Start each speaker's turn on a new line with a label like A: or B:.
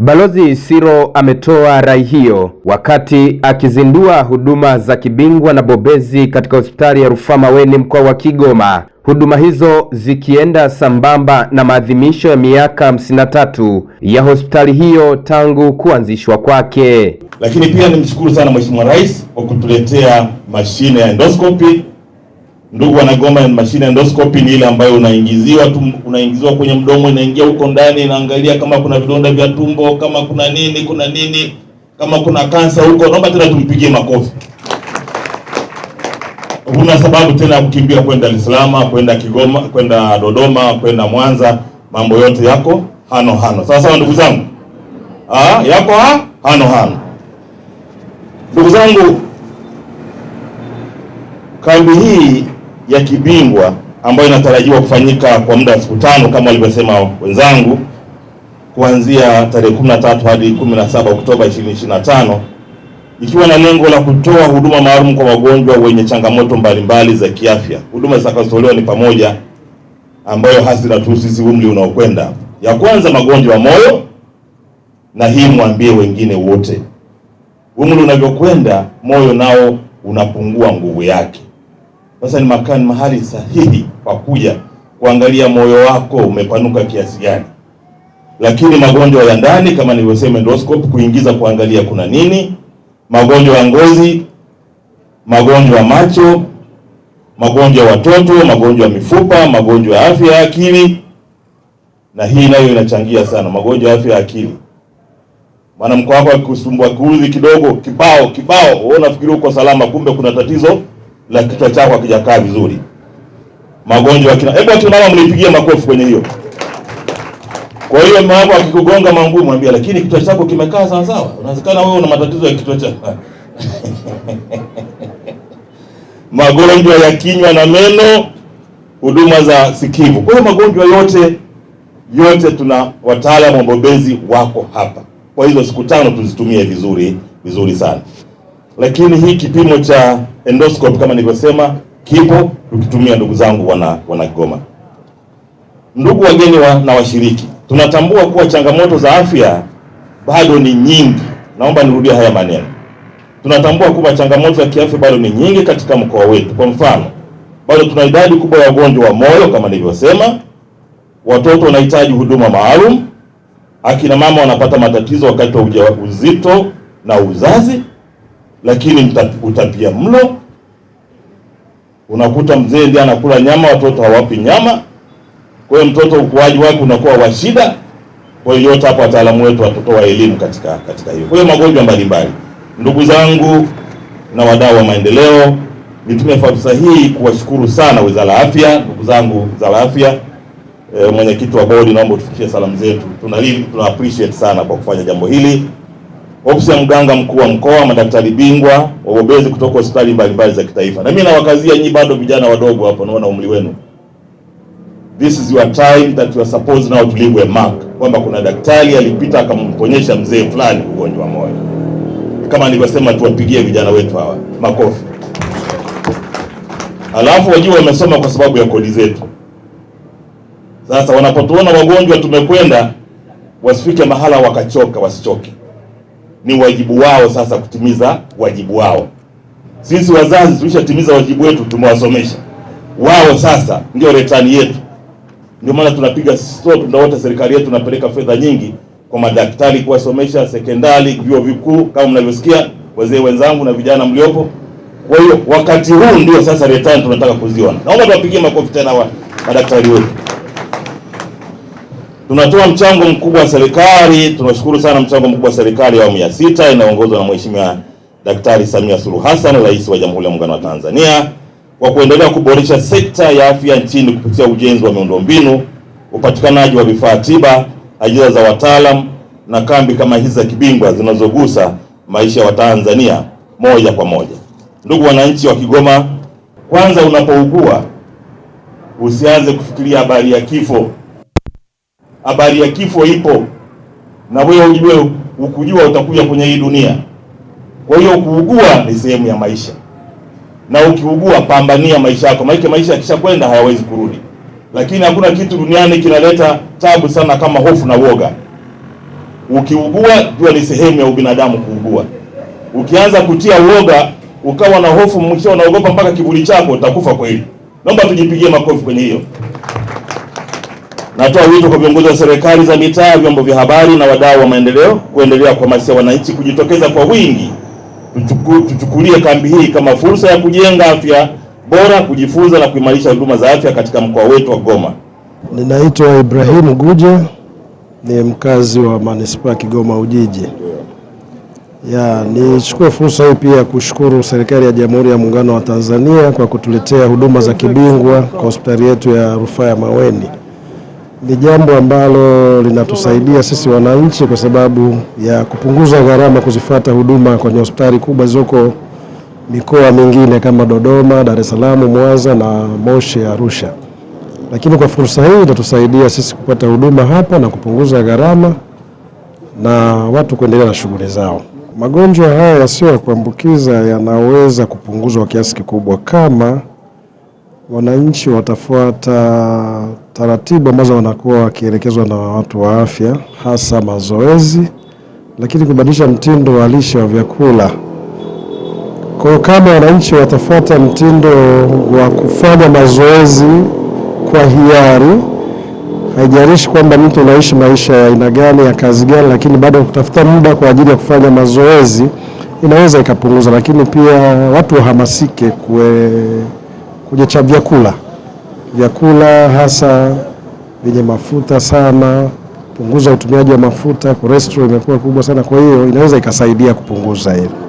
A: Balozi Siro ametoa rai hiyo wakati akizindua huduma za kibingwa na bobezi katika hospitali ya rufaa Maweni mkoa wa Kigoma, huduma hizo zikienda sambamba na maadhimisho ya miaka 53 ya hospitali hiyo tangu kuanzishwa kwake.
B: Lakini pia nimshukuru sana Mheshimiwa Rais kwa kutuletea mashine ya endoscopy Ndugu wanagoma, mashine endoscopy ni ile ambayo unaingiziwa tu, unaingiziwa kwenye mdomo, inaingia huko ndani, inaangalia kama kuna vidonda vya tumbo, kama kuna nini, kuna nini, kama kuna kansa huko. Naomba tena tumpigie makofi. Huna sababu tena ya kukimbia kwenda Dar es Salaam, kwenda Kigoma, kwenda Dodoma, kwenda Mwanza. Mambo yote yako hano hano, sawa sawa, ndugu zangu, ah, yako ha? hano hano, ndugu zangu, kambi hii ya kibingwa ambayo inatarajiwa kufanyika kwa muda wa siku tano kama walivyosema wenzangu, kuanzia tarehe 13 hadi 17 Oktoba 2025 ikiwa na lengo la kutoa huduma maalum kwa wagonjwa wenye changamoto mbalimbali za kiafya. Huduma zitakazotolewa ni pamoja ambayo hasi na sisi umri unaokwenda, ya kwanza magonjwa moyo, na hii mwambie wengine wote, umri unavyokwenda moyo nao unapungua nguvu yake. Sasa ni makani mahali sahihi pa kuja kuangalia moyo wako umepanuka kiasi gani, lakini magonjwa ya ndani kama nilivyosema, endoscope kuingiza kuangalia kuna nini, magonjwa ya ngozi, magonjwa ya macho, magonjwa ya watoto, magonjwa ya mifupa, magonjwa ya afya ya akili, na hii nayo inachangia sana magonjwa ya afya ya akili. Maana mko wako akikusumbua kuuzi kidogo kibao kibao, wewe unafikiri uko salama, kumbe kuna tatizo la kichwa chako hakijakaa vizuri, magonjwa kina. Hebu akina mama mlipigia makofi kwenye hiyo. Kwa hiyo mama akikugonga mangumu, mwambie lakini kichwa chako kimekaa sawa sawa. Unawezekana wewe una matatizo ya kichwa chako magonjwa ya kinywa na meno, huduma za sikivu. Kwa hiyo magonjwa yote yote, tuna wataalamu wabobezi wako hapa. Kwa hizo siku tano tuzitumie vizuri vizuri sana lakini hii kipimo cha endoscope kama nilivyosema kipo tukitumia, ndugu zangu wana wana Kigoma, ndugu wageni wa, na washiriki, tunatambua kuwa changamoto za afya bado ni nyingi. Naomba nirudie haya maneno, tunatambua kuwa changamoto za kiafya bado ni nyingi katika mkoa wetu. Kwa mfano, bado tuna idadi kubwa ya wagonjwa wa moyo kama nilivyosema, watoto wanahitaji huduma maalum, akina mama wanapata matatizo wakati wa ujauzito na uzazi lakini utapia mlo, unakuta mzee ndiye anakula nyama, watoto hawapi nyama. Kwa hiyo mtoto ukuaji wake unakuwa wa shida. Kwa hiyo yote hapo wataalamu wetu watotoa elimu katika katika hiyo. Kwa hiyo magonjwa mbalimbali, ndugu zangu na wadau wa maendeleo, nitumie fursa hii kuwashukuru sana Wizara ya Afya, ndugu zangu Wizara ya Afya. E, mwenyekiti wa bodi, naomba utufikishie salamu zetu. Tuna tuna appreciate sana kwa kufanya jambo hili ofisi ya mganga mkuu wa mkoa, madaktari bingwa, wabobezi kutoka hospitali mbalimbali za kitaifa. Na mimi nawakazia nyinyi, bado vijana wadogo hapa, naona umri wenu. This is your time that you are supposed now to leave a mark, kwamba kuna daktari alipita akamponyesha mzee fulani ugonjwa moyo. Kama nilivyosema, tuwapigie vijana wetu hawa makofi. Alafu wajua wamesoma kwa sababu ya kodi zetu. Sasa wanapotuona wagonjwa tumekwenda, wasifike mahala wakachoka, wasichoke ni wajibu wao sasa kutimiza wajibu wao. Sisi wazazi tulishatimiza wajibu wetu, tumewasomesha wao, sasa ndio retani yetu. Ndio maana tunapiga stop, ndio wote serikali yetu napeleka fedha nyingi kwa madaktari kuwasomesha sekondari, vyuo vikuu, kama mnavyosikia wazee wenzangu na vijana mliopo. Kwa hiyo wakati huu ndio sasa retani tunataka kuziona. Naomba tuwapigie makofi tena wa madaktari wetu tunatoa mchango mkubwa wa serikali. Tunashukuru sana mchango mkubwa wa serikali ya awamu ya sita inayoongozwa na Mheshimiwa Daktari Samia Suluhu Hassan, Rais wa Jamhuri ya Muungano wa Tanzania, kwa kuendelea kuboresha sekta ya afya nchini kupitia ujenzi wa miundombinu, upatikanaji wa vifaa tiba, ajira za wataalam na kambi kama hizi za kibingwa zinazogusa maisha ya wa Watanzania moja kwa moja. Ndugu wananchi wa Kigoma, kwanza unapougua usianze kufikiria habari ya kifo habari ya kifo ipo, na wewe ujue, ukujua utakuja kwenye hii dunia. Kwa hiyo kuugua ni sehemu ya maisha, na ukiugua pambania maisha yako, maana maisha yakishakwenda hayawezi kurudi. Lakini hakuna kitu duniani kinaleta tabu sana kama hofu na woga. Ukiugua jua ni sehemu ya ubinadamu kuugua. Ukianza kutia woga ukawa na hofu, mwisho unaogopa mpaka kivuli chako, utakufa kweli. Naomba tujipigie makofi kwenye hiyo. Natoa wito kwa viongozi wa serikali za mitaa, vyombo vya habari na wadau wa maendeleo kuendelea kuhamasisha wananchi kujitokeza kwa wingi. Tuchuku, tuchukulie kambi hii kama fursa ya kujenga afya bora, kujifunza na kuimarisha huduma za afya katika mkoa wetu wa Kigoma.
C: Ninaitwa Ibrahim guja ni mkazi wa manispaa Kigoma Ujiji. Ya, nichukue fursa hii pia kushukuru serikali ya Jamhuri ya Muungano wa Tanzania kwa kutuletea huduma za kibingwa kwa hospitali yetu ya Rufaa ya Maweni ni jambo ambalo linatusaidia sisi wananchi kwa sababu ya kupunguza gharama kuzifata huduma kwenye hospitali kubwa zilizoko mikoa mingine kama Dodoma, Dar es Salaam, Mwanza na Moshi, Arusha. Lakini kwa fursa hii itatusaidia sisi kupata huduma hapa na kupunguza gharama na watu kuendelea na shughuli zao. Magonjwa haya yasiyo ya kuambukiza yanaweza kupunguzwa kiasi kikubwa kama wananchi watafuata taratibu ambazo wanakuwa wakielekezwa na watu wa afya, hasa mazoezi, lakini kubadilisha mtindo wa lishe wa vyakula. Kwa hiyo kama wananchi watafuata mtindo wa kufanya mazoezi kwa hiari, haijalishi kwamba mtu unaishi maisha ya aina gani ya kazi gani, lakini bado kutafuta muda kwa ajili ya kufanya mazoezi inaweza ikapunguza, lakini pia watu wahamasike kwenye cha vyakula vyakula hasa vyenye mafuta sana, punguza utumiaji wa mafuta. Kolesterol imekuwa kubwa sana, kwa hiyo inaweza ikasaidia kupunguza hilo.